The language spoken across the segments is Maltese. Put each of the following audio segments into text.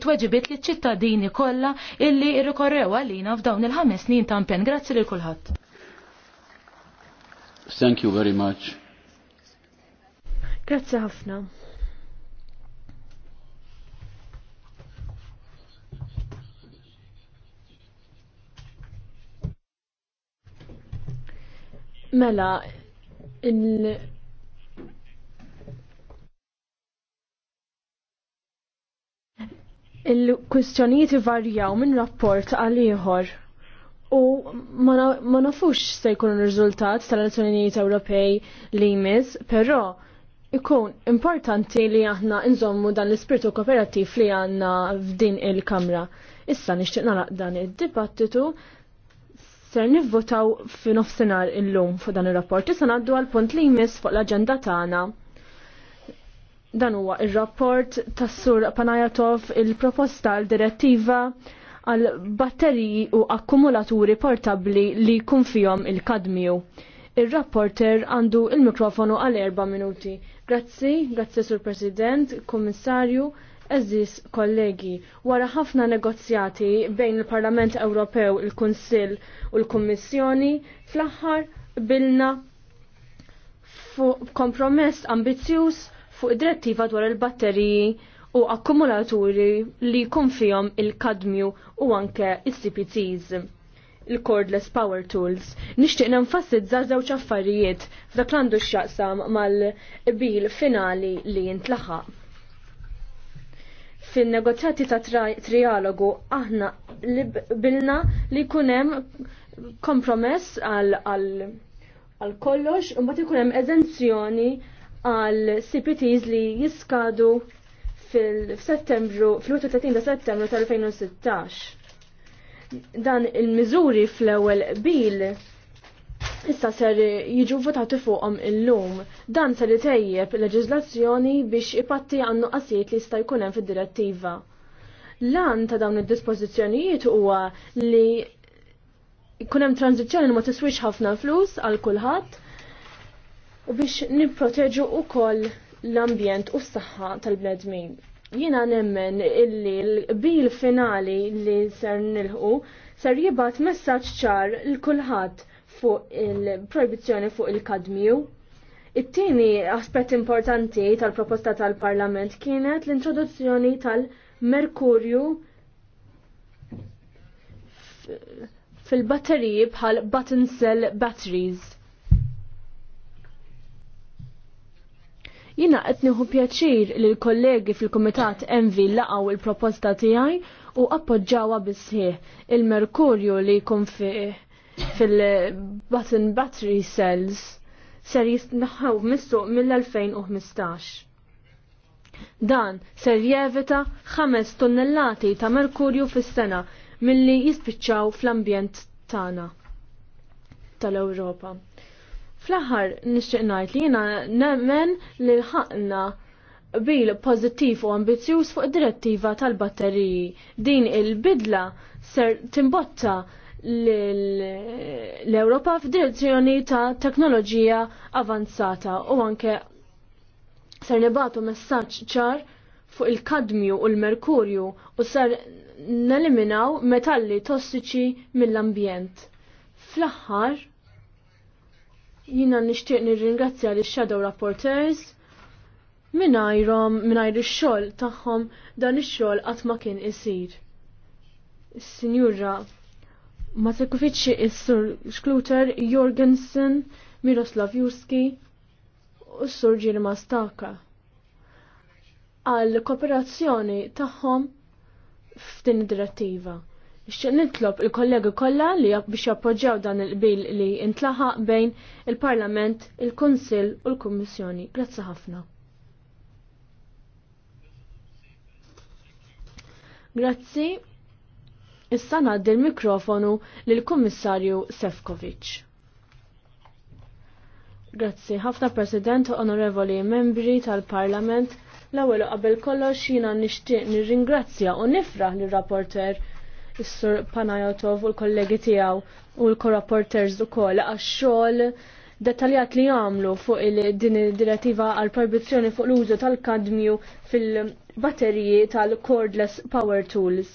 tweġibiet li ċittadini kollha illi rikorrew għalina f'dawn il-ħames snin ta' mpen. Grazzi lil kulħadd. Thank you very much. Grazzi ħafna. Mela, il-kwistjonijiet varjaw minn rapport għal ieħor. U ma nafux se jkun ir-riżultat tal-elezzjonijiet Ewropej li jmiss, però ikun importanti li aħna nżommu dan l-ispirtu kooperattiv li għandna f'din il-Kamra. Issa nixtieq naraq dan id-dibattitu ser nivvotaw fi nofsinhar illum fuq dan ir-rapport. Issa ngħaddu għal punt li jmiss fuq l-aġenda tagħna. Dan huwa ir-rapport tas-Sur Panajatov il-proposta għal direttiva għal batteriji u akkumulaturi portabli li jkun fihom il-kadmiju. Ir-rapporter għandu il-mikrofonu għal erba' minuti. Grazzi, grazzi Sur President, Kommissarju, eżis kollegi. Wara ħafna negozjati bejn il-Parlament Ewropew, il-Kunsill u l-Kummissjoni, fl-aħħar bilna kompromess ambizzjuż fuq id-direttiva dwar il-batteriji u akkumulaturi li jkun fihom il-kadmju u anke il-CPTs il-cordless power tools. Nixtieq za żewġ affarijiet f'dak l-għandu x'jaqsam mal-bil finali li jintlaħaq. Fin-negozjati ta' trialogu aħna bilna li jkun hemm kompromess għal kollox u mbagħad ikun hemm eżenzjoni għal CPTs li jiskadu fil-settembru, fil-31 ta' settembru tal-2016. Dan il-miżuri fl-ewwel bil issa ser jiġu votati fuqhom illum. Dan ser itejjeb leġiżlazzjoni biex ipatti għannu qasijiet li jista' jkun hemm fid-direttiva. Lan ta' dawn id-dispożizzjonijiet huwa li jkun hemm tranzizzjoni ma tiswix ħafna flus għal kulħadd U biex nipproteġu koll l-ambjent u s-saħħa tal bledmin Jiena nemmen illi l-bil finali li ser nilħu ser jibat messaġġ ċar l kulħadd fuq il-proibizzjoni fuq il-kadmiju. It-tieni aspett importanti tal-proposta tal-Parlament kienet l-introduzzjoni tal-merkurju fil-batteriji bħal button cell batteries. Jina qed nieħu pjaċir li l-kollegi fil-Kumitat Envi laqgħu il-proposta tiegħi u appoġġawha bisħieħ. Il-merkurju li jkun fil-button battery cells ser jistnaħaw mistu mill-2015. Dan ser jevita 5 tonnellati ta' merkurju fis-sena milli jispiċċaw fl-ambjent tagħna tal-Ewropa. Fl-aħħar nixtieq ngħid li jiena nemmen li ħaqna bil pożittiv u ambizjuż fuq id-direttiva tal-batteriji. Din il-bidla ser timbotta l-Europa f'direzzjoni ta' teknoloġija avanzata u anke ser nibatu messaġġ ċar fuq il-kadmju u l-merkurju u ser neliminaw metalli tossiċi mill-ambjent. Fl-aħħar, Jina nishtiq nirringrazzja li shadow rapporteurs minajrom minajr ix-xogħol tagħhom dan ix-xogħol qatt ma kien isir. Sinjura Matekufiċi is-Sur Skluter, Jorgensen, Miroslav Jurski u s-Sur Mastaka. Għal kooperazzjoni tagħhom f'din id-direttiva. Xċen nitlob il-kollegi kollha li biex jappoġġjaw dan il-bil li intlaħaq bejn il-Parlament, il-Kunsill u l-Kummissjoni. Grazzi ħafna. Grazzi. Issa ngħaddi l-mikrofonu lill-Kummissarju Sefkovic. Grazzi ħafna President Onorevoli Membri tal-Parlament. L-ewwel qabel kollox jiena nixtieq nirringrazzja u nifraħ lir-rapporter is-sur Panajotov u l-kollegi tiegħu u l-korrapporters ukoll għax-xogħol dettaljat li għamlu fuq il-din direttiva għal proibizzjoni fuq l-użu tal-kadmju fil-batteriji tal-cordless power tools.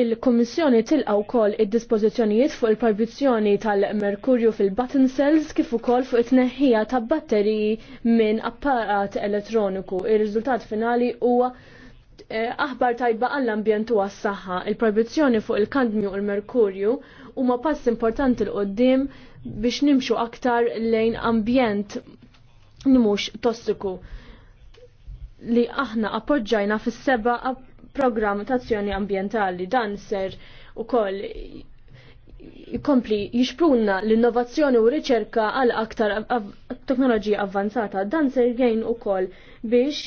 il kummissjoni tilqa' wkoll id-dispożizzjonijiet fuq il-proibizzjoni tal-merkurju fil-button cells kif ukoll fuq it-tneħħija ta' batteriji minn apparat elettroniku. Ir-riżultat finali huwa Eh, aħbar tajba għall-ambjent u għas-saħħa, il-proibizzjoni fuq il kadmju u l-merkurju huma pass importanti l-qoddim biex nimxu aktar lejn ambjent nimux tossiku li aħna appoġġajna fis-seba programm ta' azzjoni ambjentali dan ser ukoll jikompli jixpruna l-innovazzjoni u riċerka għal aktar teknoloġija avvanzata dan ser jgħin ukoll biex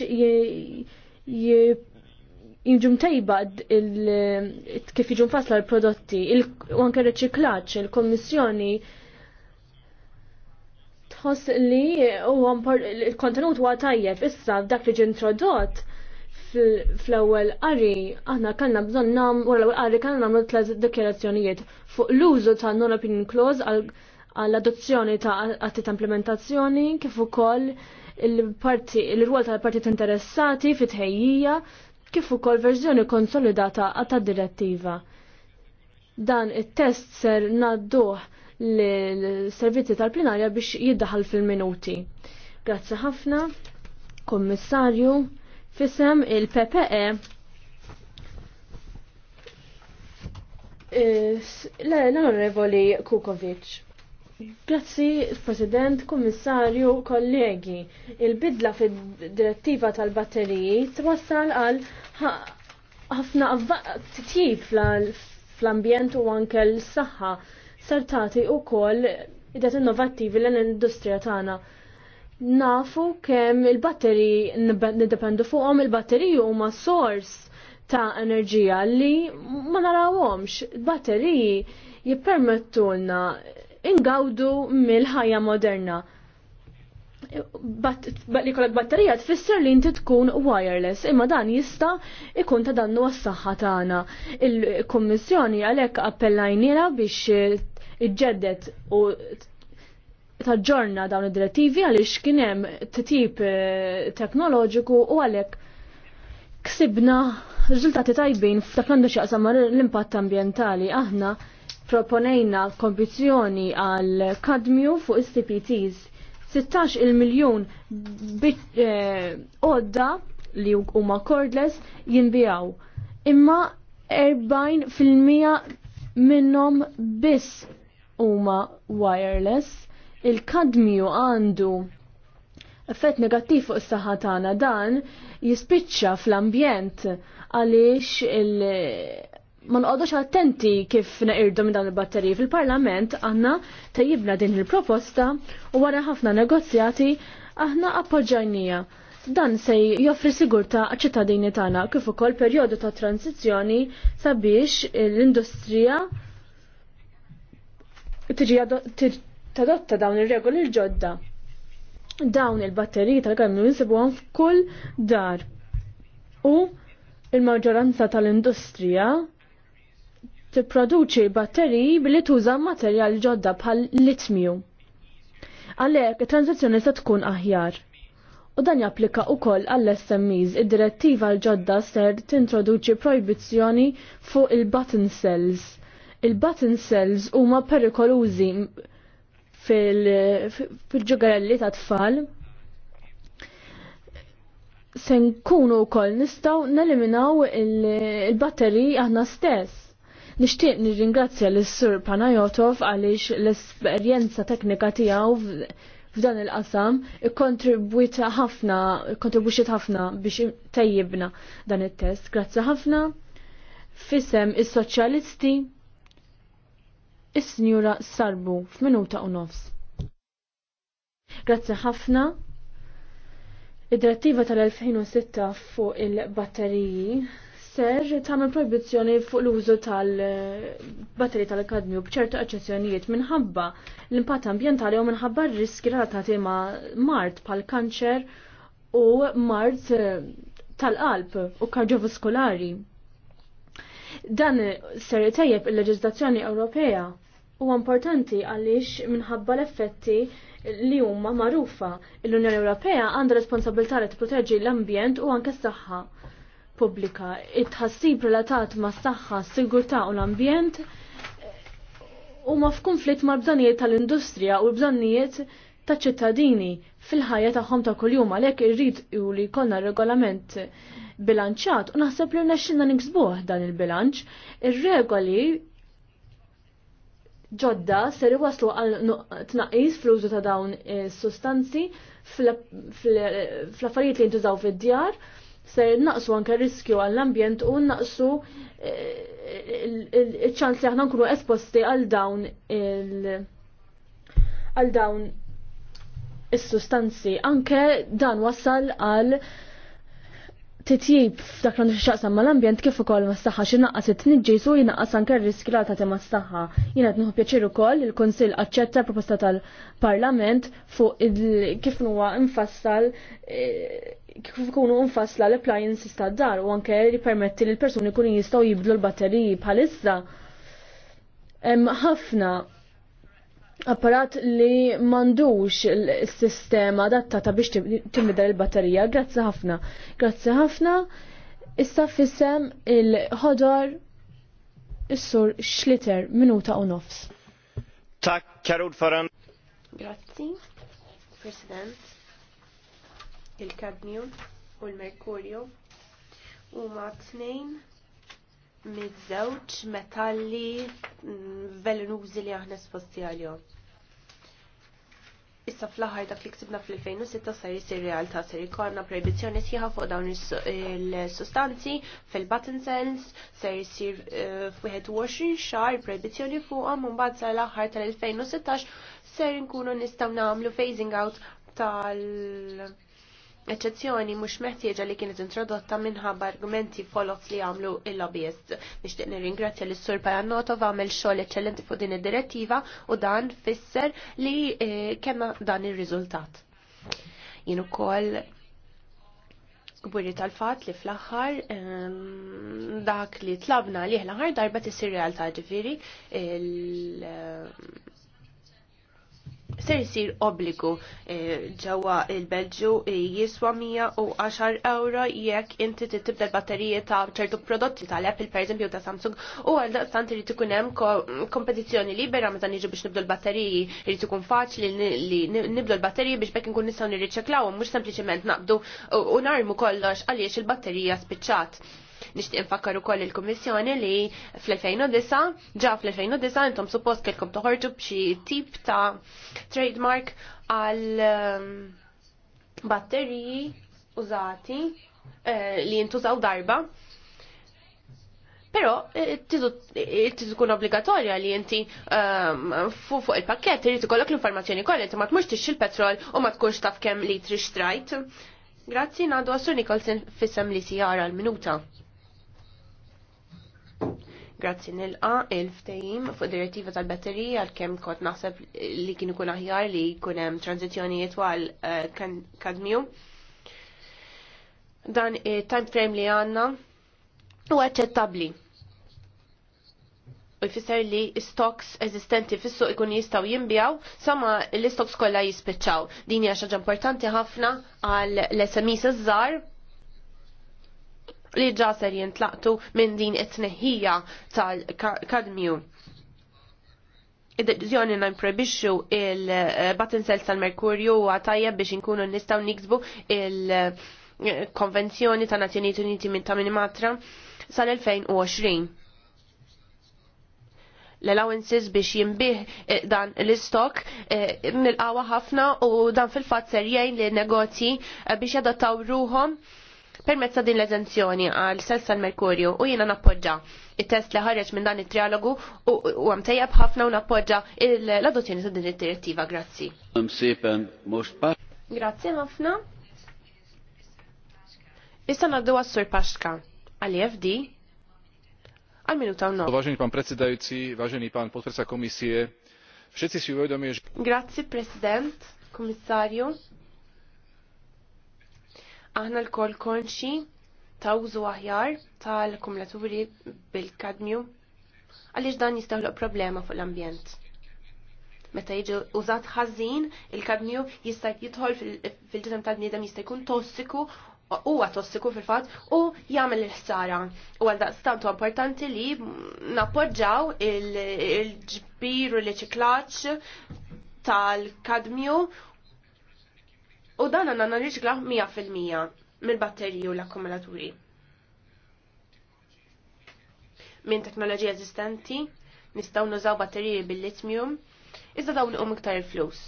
jimġum tajba kif jiġu fasla l-prodotti, u anke reċiklaċ, il-kommissjoni tħoss li il-kontenut huwa tajjeb issa dak li ġintrodott fl-ewwel qari aħna kellna bżonn nam wara l-ewwel qari kellna nagħmlu tliet dikjarazzjonijiet fuq l-użu ta' non opinion clause għall-adozzjoni ta' atti ta' implementazzjoni kif ukoll il-parti il-rwol tal-partit interessati fit-tħejjija kif ukoll verżjoni konsolidata għata direttiva. Dan it-test ser nadduh l-servizzi tal-plenarja biex jiddaħal fil-minuti. Grazzi ħafna, kommissarju, fisem il-PPE l-onorevoli Kukovic. Grazzi, President, Kummissarju, kollegi. Il-bidla fid direttiva tal-batteriji twassal għal ħafna titjib fl-ambjent u anke l-saħħa sartati u koll id-dat innovativi l-industrija tagħna. Nafu kemm il-batteriji nidependu fuqhom il-batteriji huma sors ta' enerġija li ma narawhomx. Il-batteriji jippermettulna ingawdu mill-ħajja moderna. Li kollek batterija tfisser li inti tkun wireless, imma dan jista' ikun ta' dannu għas-saħħa tagħna. Il-Kummissjoni għalhekk appellajnila biex iġġeddet u taġġorna dawn id-direttivi għaliex kien hemm titip eh, teknoloġiku u għalhekk ksibna riżultati tajbin f'dak l-għandu x'jaqsam l-impatt ambjentali aħna proponejna kompizjoni għal kadmju fuq is-CPTs 16 il-miljon eh, odda li huma cordless jinbijaw. Imma 40% minnhom biss huma wireless. Il-kadmju għandu effett negattiv fuq is-saħħa tagħna dan jispiċċa fl-ambjent għaliex ma nqodux attenti kif neqirdu minn dawn il-batteriji fil-Parlament għanna tajibna din il-proposta u wara ħafna negozjati aħna appoġġajnija. Dan se joffri sigurta ċittadini tagħna kif ukoll perjodu ta' transizzjoni sabiex l-industrija tadotta dawn ir-regoli l-ġodda. Dawn il-batteriji tal-kamju jinsibuhom f'kull dar. U il-maġġoranza tal-industrija tipproduċi batteriji billi tuża materjal ġodda bħal litmju. Għalhekk it-tranzizzjoni se tkun aħjar. U dan japplika wkoll għall-SMEs. Id-direttiva l-ġodda ser tintroduċi projbizzjoni fuq il-button cells. Il-button cells huma perikolużi fil-ġugarelli ta' tfal se nkunu wkoll nistgħu neliminaw il-batteri aħna stess Nishtiq nirringrazzja l-Sur Panajotov għaliex l-esperjenza teknika tiegħu f'dan il-qasam ikkontribwita ħafna, ħafna biex tejjibna dan it-test. Grazzi ħafna. Fisem is-soċjalisti is-Sinjura Sarbu f'minuta u nofs. Grazzi ħafna. Id-direttiva tal-2006 fuq il-batteriji ser tagħmel proibizzjoni fuq l-użu tal-batteri tal-kadmju b'ċertu eċċezzjonijiet minħabba l-impatt ambjentali u minħabba r-riski relatati ma' mart pal kanċer u mart eh, tal-qalb u kardiovaskolari. Dan ser tejjeb il-leġiżlazzjoni Ewropea u importanti għaliex minħabba l-effetti li huma magħrufa l-Unjoni Ewropea għandha responsabilità li tipproteġi l-ambjent u anke s-saħħa pubblika. It-ħassib relatat ma' s-saxħa, s-sigurta u l-ambjent u ma' f-konflitt ma' bżonijiet tal-industrija u bżonijiet ta' ċittadini fil-ħajja tagħhom ta' kuljum għalhekk irrid u li jkollna regolament bilanċat u naħseb li rnexxinna niksbuh dan il-bilanċ. Ir-regoli ġodda ser iwaslu għal tnaqqis fl-użu ta' dawn sustanzi fl-affarijiet li jintużaw fid-djar ser naqsu anke riskju għall-ambjent u naqsu eh, eh, il-ċans li aħna nkunu esposti għal dawn il- għal dawn is-sustanzi. Anke dan wassal għal titjib f'dak l xaqsam mal-ambjent kif ukoll ma saħħa xi naqqas it-tniġġis u jnaqqas anke r-riski li tagħti ma staħħa. Jiena qed pjaċir ukoll il-Kunsill aċċetta l-proposta tal-Parlament fuq kif huwa infassal eh, kif ikunu nfassla l-appliances ta' dar u anke li permetti li l-persuni kunu jistgħu jibdlu l-batteriji bħalissa. Hemm ħafna apparat li mandux l-sistema adattata biex timbidel il-batterija. Grazzi ħafna. Grazzi ħafna. Issa fissem il-ħodor is-sur Schlitter minuta u nofs. Tak, karud Faran. Grazzi, President il-kadmjum u l-merkurju huma tnejn miż-żewġ metalli mm, velenużi li aħna sposti għalihom. Issa fl-aħħar dak li ksibna fl-2006 sar jisir realtà ser ikollna proibizzjoni sħiħa fuq dawn il-sustanzi fil-button cells ser jisir eh, f'21 xahar proibizzjoni fuqhom u mbagħad sar l-aħħar tal-2016 ser nkunu nistgħu nagħmlu phasing out tal- eċezzjoni mhux meħtieġa li kienet introdotta minħabba argumenti folot li għamlu il-lobbyist. Nixtieq nirringrazzja lis sur Pajannoto għamel xogħol eċċellenti fuq din id-direttiva u dan fisser li eh, kemma dan ir-riżultat. Jien ukoll gburi tal-fat li fl-axħar ehm, dak li tlabna li l-axħar darba sir realtà ġifiri il- ser jisir obbligu eh, ġewwa il-Belġu eh, jiswa 110 euro jekk inti tibda l-batterije ta' ċertu prodotti tal-Apple pereżempju ta' Samsung u għal daqstant irid ikun hemm kompetizzjoni libera meta niġu biex nibdu l-batteriji irid ikun faċli li nibdu l-batteriji biex bekk nkun nistgħu nirriċeklawhom mhux sempliċement naqbdu u narmu kollox għaliex il-batterija spiċċat. Nixtieq infakkar ukoll il-Kummissjoni li fl-2009 ġa fl-2009 intom suppost kelkom toħorġu b'xi tip ta' trademark għal um, batteriji użati eh, li jintużaw darba. Pero eh, tiżu eh, kun obbligatorja li inti um, fuq il-pakket irid ikollok l-informazzjoni kollha inti ma tmurx tixxi l-petrol u ma tkunx taf kemm litri xtrajt. Grazzi, nadu għasur Nikolsen fissem li si jara l-minuta. Grazzi nilqa il-ftejim fuq direttiva tal-batterija għal-kem kot naħseb li kien ikun aħjar li jkun hemm jitwal għal eh, kadmju. Dan time frame li għanna u għacċettabli. U jfisser li stocks eżistenti fis-suq ikun jistaw jinbjaw sama l-stocks kollha jispiċċaw. Din hija xaġa importanti ħafna għal l-SMEs iż-żar li ġa ser jintlaqtu minn din it-tneħħija tal-kadmju. Id-deċizjoni nan prebixxu il-batin sels tal-merkurju għatajja biex inkunu nistaw niksbu il-konvenzjoni ta' Nazzjonijiet Uniti minn ta' Minimatra sal-2020 l-allowances biex jimbih dan l-istok eh, nil ħafna u dan fil-fat serjajn li negozji eh, biex jadattaw ruħom permezz din l-eżenzjoni għal selsa l-merkurju u jiena nappoġġa it-test li ħareġ minn dan it-trialogu u għam tajjeb ħafna u nappoġġa l-adozzjoni ta' din id-direttiva. Grazzi. Grazzi ħafna. Issa naddu għas-sur Paxka għal e fd għal minuta unna. Vážený pán predsedajúci, vážený pán podpredsa komisie, všetci si uvedomie, že... Grazie, prezident, komisario. Aħna l koll konxi ta' użu aħjar tal-kumulaturi bil-kadmium għaliex dan jistawluq problema fuq l-ambjent. Meta jiġi użat ħażin, il kadmju jista' jidħol fil-ġisem tal-bniedem jista' jkun tossiku huwa tossiku fil-fatt u jagħmel il-ħsara. U għal daqstant importanti li nappoġġaw il-ġbir u l-iċiklaġġ tal-kadmju U dan għanna nirġglaħ 100% mill-batteriju u l-akkumulaturi. Minn teknoloġija eżistenti nistgħu nużaw batteriji bil-litmium, iżda dawn um iktar flus.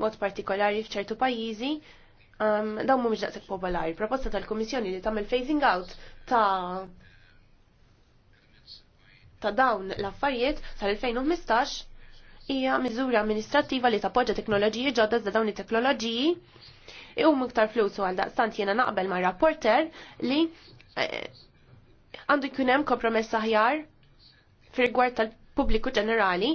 Mod partikolari f'ċertu pajjiżi um, dawn mhumiex daqshekk popolari. Proposta tal-Kummissjoni li tagħmel phasing out ta' ta' dawn l-affarijiet sal-2015 hija miżura amministrattiva li tappoġġa teknoloġiji ġodda da dawn it-teknoloġiji u miktar flusu għal daqstant jiena naqbel ma' rapporter li eh, għandu jkun hemm kompromess aħjar fir-rigward tal-pubbliku ġenerali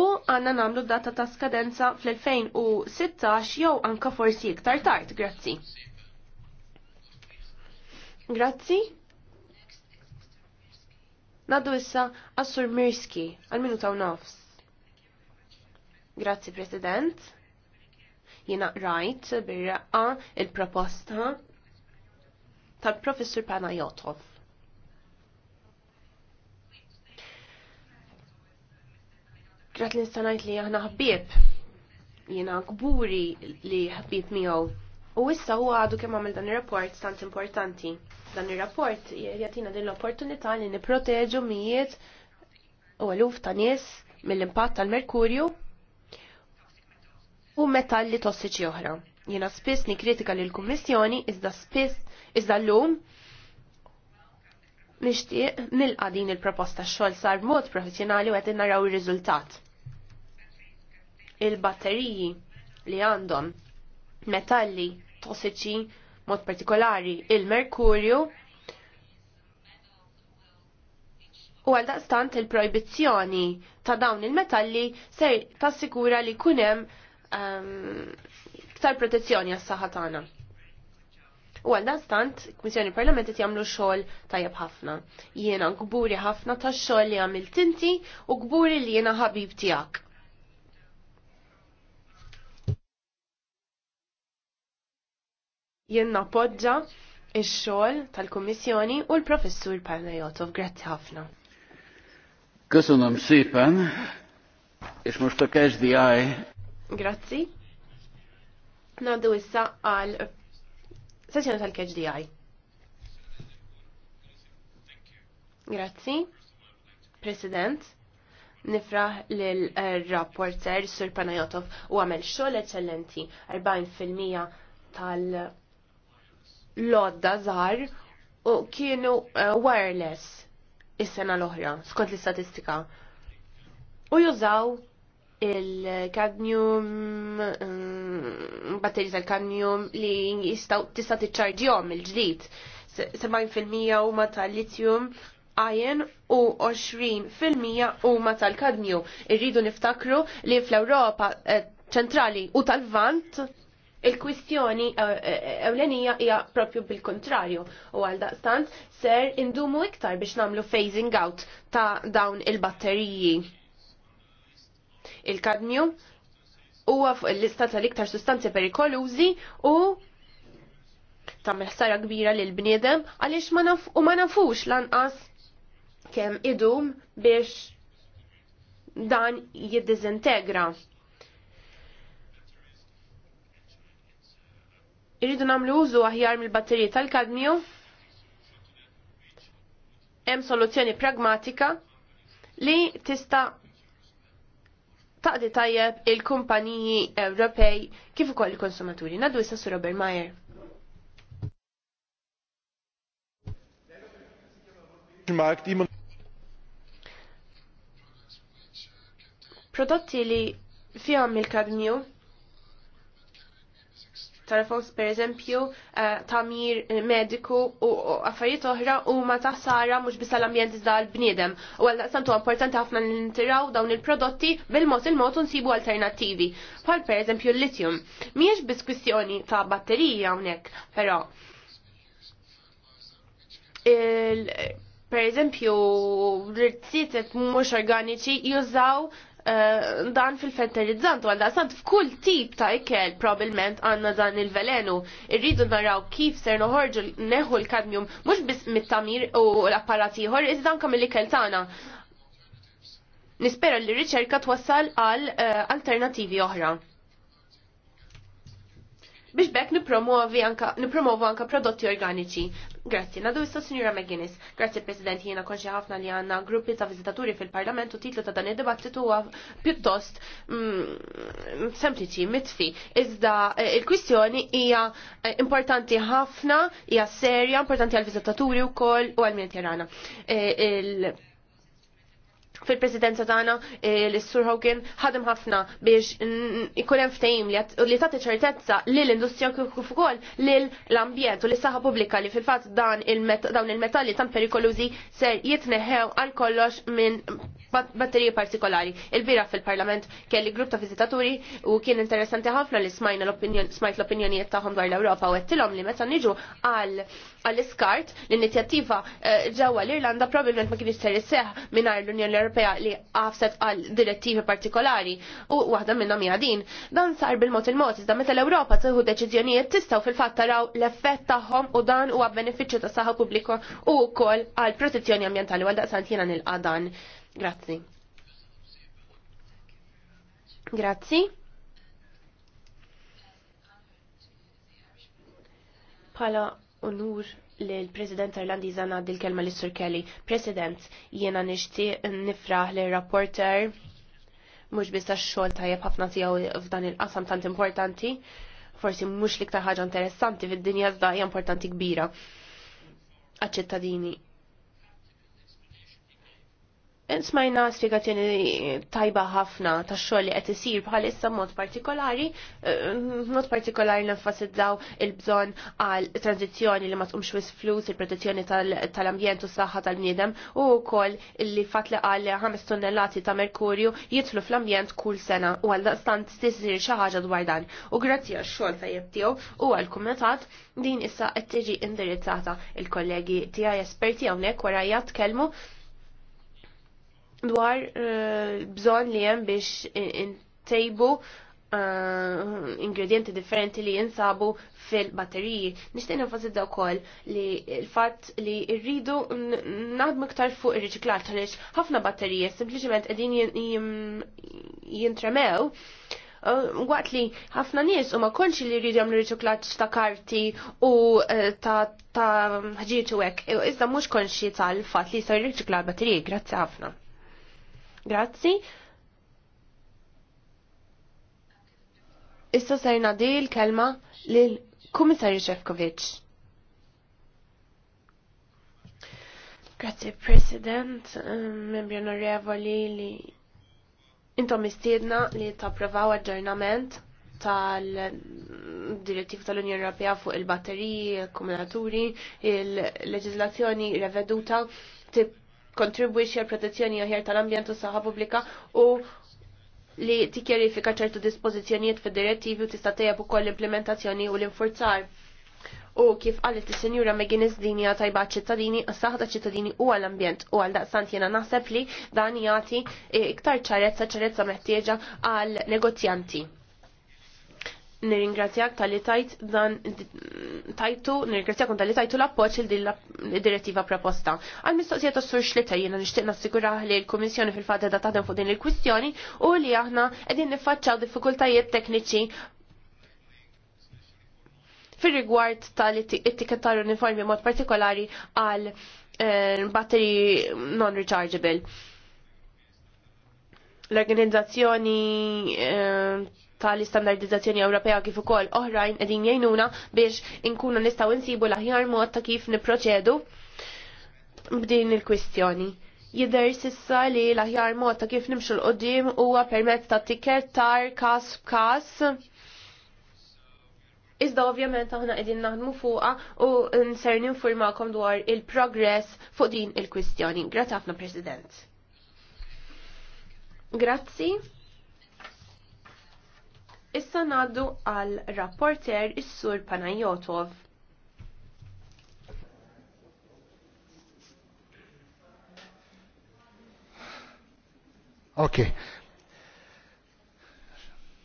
u għanna namlu data ta' skadenza fl-2016 jew anka forsi iktar tard. Grazzi. Grazzi. Naddu issa għassur Mirski għal-minuta u nofs. Grazzi President. Jina rajt birraqa il-proposta tal-Professur Panajotov. Grat li instanajt li aħna ħbib, jina kburi li ħbib miegħu. U issa huwa għadu kemm għamil dan ir-rapport stant importanti. Dan ir-rapport jagħtina din l-opportunità li nipproteġu mijiet u eluf ta' nies mill-impatt tal-merkurju u metalli tossiċi oħra. Jiena spiss nikritika lil kummissjoni iżda spiss iżda llum nixtieq nilqa' din il-proposta x-xogħol sar mod professjonali u qed naraw ir-riżultat. Il-batteriji li għandhom metalli tossiċi mod partikolari il-merkurju u għal daqstant il proibizzjoni ta' dawn il-metalli se tassikura li kunem Um, ktar protezzjoni għas saħatana. tagħna. U għal stant, il-Kmissjoni Parlamenti jamlu xogħol tajjeb ħafna. Jiena gburi ħafna tax-xogħol li għamilt inti u gburi li jiena ħabib tiegħek. Jien podġa ix-xogħol tal-Kummissjoni u l-Professur Panajotov. Grazzi ħafna. Köszönöm szépen, és most di għaj. Grazzi. Naddu issa għal sessjoni tal-KHDI. Grazzi. President. Nifraħ l-rapporter eh, Sur Panajotov u għamel xogħol eċċellenti 40% tal-lodda zar u kienu eh, wireless is-sena l-oħra skont l-istatistika. U jużaw il-kadmium, mm, batteri tal-kadmium li jistaw tista' tiċċarġjom il-ġdid. 70% huma tal-lithium ajen u 20% huma tal-kadmium. Irridu niftakru li fl-Ewropa eh, ċentrali u tal-Vant il-kwistjoni eh, eh, ewlenija hija propju bil-kontrarju u għal daqstant ser indumu iktar biex namlu phasing out ta' dawn il-batteriji Il-kadmju huwa fuq il-lista tal-iktar sustanzi perikolużi u tagħmel ħsara kbira lil bniedem għaliex ma naf u ma nafux lanqas kemm idum biex dan jiddizintegra. Irridu nagħmlu użu aħjar mill batterji tal-kadmju. Hemm soluzzjoni pragmatika li tista' taqdi tajjeb il-kumpaniji Ewropej kif ukoll il-konsumaturi. Nadu issa su Robert Mayer. Prodotti li fihom il-kadmju tarfos per eżempju eh, tamir mediku u affarijiet oħra u ma ta' sara mhux biss l-ambjent iżda l-bniedem. U għal santu importanti ħafna nintiraw dawn il-prodotti bil-mod il-mod nsibu alternattivi. Bħal per eżempju l-lithium. Miex bis kwistjoni ta' batterija hawnhekk, però per eżempju, l-irtsiet mhux organiċi jużaw Eh, dan fil-fenterizzant għal sant f'kull tip ta' ikel probablement għanna dan il-velenu. Irridu naraw kif ser noħorġu neħu l-kadmium mux biss mit-tamir u l-apparati ħor, iżdan kam l-ikel tana. Nispera li riċerka twassal għal eh, alternativi oħra. Biex bekk nipromovu anka prodotti organiċi. Grazzi, nadu issa signora McGuinness. Grazie, President, jiena konxi ħafna li għanna gruppi ta' vizitaturi fil-Parlament titlu ta' dan id-dibattitu huwa pjuttost mm, sempliċi, mitfi. Iżda eh, il-kwistjoni hija eh, importanti ħafna, hija serja, importanti għal-vizitaturi wkoll u għal-Mediterrana. Eh, fil-presidenza tagħna eh, l-Sur Hogan ħadem ħafna biex ikun hemm ftehim li tagħti ċertezza lil industrija kif ukoll lil l-ambjent u lis saħħa pubblika li fil-fatt dan dawn il-metalli tant perikolużi ser jitneħew għal kollox minn batteriji partikolari. Il-bira fil-Parlament kelli grupp ta' viżitaturi u kien interessanti ħafna li smajna l-opinjonijiet tagħhom dwar l-Ewropa u għettilhom li meta niġu għal għall-iskart l-inizjattiva eh, ġewwa l-Irlanda probabbilment ma kienx ser isseħ mingħajr l-Unjoni Ewropea li għafset għal direttivi partikolari u waħda minnhom hija din. Dan sar bil-mod il-mod iżda meta l-Ewropa tieħu deċiżjonijiet tistgħu fil-fatt taraw l-effett tagħhom u dan huwa benefiċċju tas saħħa pubblika u wkoll għal protezzjoni ambjentali għal daqsant jiena nilqa' dan. Grazzi. Grazzi. Pala onur li l-President Irlandiza għad il kelma li Sur Kelly. President, jiena nishti nifraħ li rapporter mux bista xol tajjeb ħafna tijaw f'dan il-qasam tant importanti, forsi mux liktar ħaġa interessanti fid-dinja zda importanti kbira għal-ċittadini Smajna spiegazzjoni tajba ħafna ta' xogħol li qed isir bħalissa mod partikolari, eh, mod partikolari nenfasizzaw il-bżonn għal tranzizzjoni li ma tqumx wis flus, il-protezzjoni tal-ambjent u s-saħħa tal-bniedem u wkoll li fatt li qal 5 tonnellati ta' merkurju jitlu fl-ambjent kull sena u għal daqstant tisir xi ħaġa dwar dan. U grazzi għax-xogħol tajjeb tiegħu u għall-kumitat din issa qed tiġi indirizzata il-kollegi tiegħi esperti hawnhekk wara kellmu dwar eh, bżon li hemm biex intejbu eh, ingredienti differenti li jinsabu fil-batteriji. Nishtiq nenfasizza wkoll li l-fatt li rridu naħdmu iktar fuq ir-riċiklaġġ għaliex ħafna batteriji sempliċement qegħdin jintremew eh, waqt li ħafna nies huma konxi li jridu jagħmlu riċiklaġġ ta' karti u ta' ta' ħġieġ u hekk, iżda mhux konxi tal-fatt li jistgħu jirriċiklaw batteriji, grazzi ħafna. Grazzi. Issa ser di l-kelma l Kummissarju Ċefkoviċ. Grazie President, ehm, membri onorevoli li intom istidna li tapprovaw aġġornament tal-direttiv tal-Unjoni Ewropea fuq il-batteriji, il-kumulaturi, il-leġizlazzjoni reveduta tip tikkontribwixxi għal protezzjoni oħjar tal-ambjent u saħħa pubblika u li tikjerifika ċertu dispozizjonijiet fid-direttivi u tista' tejjeb ukoll l-implementazzjoni u l-infurzar. U kif qalet is-Sinjura McGuinness din hija tajba ċittadini, għas ta' ċittadini u għall-ambjent u għal daqsant jiena naħseb li dan jagħti eh, iktar ċarezza ċarezza meħtieġa għal negozjanti. Nirringrazzjak tal-li tajt dan tajtu, nirgrazzjakom tal-li tajtu l-appoċ il-direttiva proposta. Għal-mistoqsija ta' sur xlita jena nishtiq nassiguraħ li l-Komissjoni fil-fatta da taħdem fuq din il-kwistjoni u li aħna edin nifacċaw diffikultajiet tekniċi fir rigward tal-etikettar uniformi mod partikolari għal eh, batteri non-rechargeable. L-organizzazzjoni eh, tal-istandardizzazzjoni Ewropea kif ukoll oħrajn qegħdin jgħinuna biex inkunu nistgħu insibu l-aħjar mod ta' kif niproċedu b'din il-kwistjoni. Jidher sissa li l-aħjar mod ta' kif nimxu l-qoddim huwa permezz ta' tikket tar kas kas Iżda ovvjament aħna qegħdin naħdmu fuqha u nser ninfurmakom dwar il-progress fuq din il-kwistjoni. Grazzi ħafna President. Grazzi. Issa naddu għal rapporter is-sur Panajotov. Ok.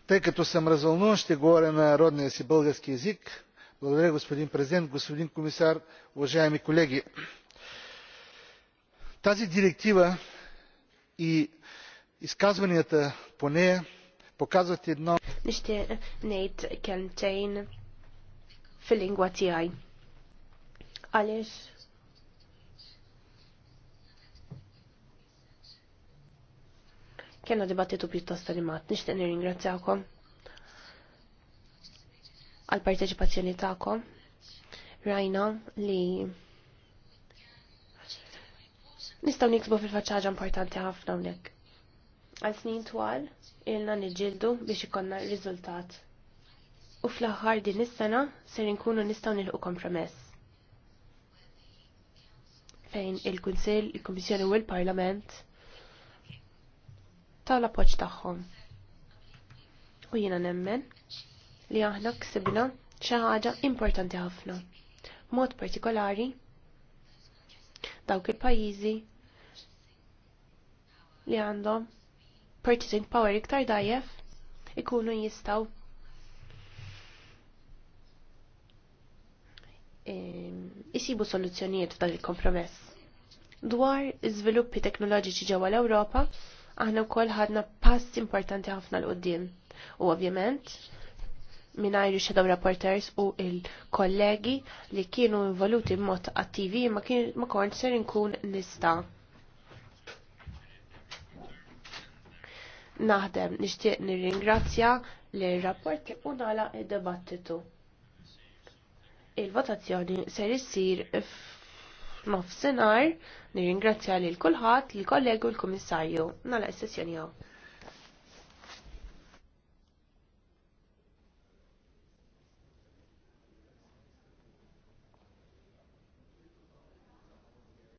Так като съм развълнуван, ще говоря на родный си болгарский язык. Благодаря, господин президент, господин комиссар, уважаемые коллеги. Тази директива и изказванията по нея показват едно nixtieq ngħid kelmtejn fil-lingwa tiegħi. Għaliex kena dibattitu pjuttost animat, nixtieq nirringrazzjakom għal parteċipazzjoni tagħkom. Rajna li nistgħu niksbu fil-faċċaġa importanti ħafna hawnhekk. Għal snin twal, ilna niġildu biex ikonna riżultat. U fl-aħħar din is-sena ser inkunu nistgħu nilħu kompromess. Fejn il-Kunsill, il-Kummissjoni u l-Parlament taw l-appoġġ tagħhom. U jiena nemmen li aħna ksibna xi ħaġa importanti ħafna. Mod partikolari dawk il-pajjiżi li għandhom purchasing power iktar dajjef ikunu jistaw isibu soluzzjonijiet f'dan il-kompromess. Dwar iżviluppi teknoloġiċi ġewwa l-Ewropa, aħna wkoll ħadna pass importanti ħafna l qudiem U ovvjament, mingħajr shadow reporters u il-kollegi li kienu involuti b'mod attivi ma, kien, ma kont ser inkun nista' naħdem. Nixtieq nirringrazzja lir rapporti u nagħlaq id-dibattitu. Il-votazzjoni ser issir f'nofsinhar nirringrazzja lil kulħadd, lill kollegu l-Kummissarju. Nala is-sessjoni hawn.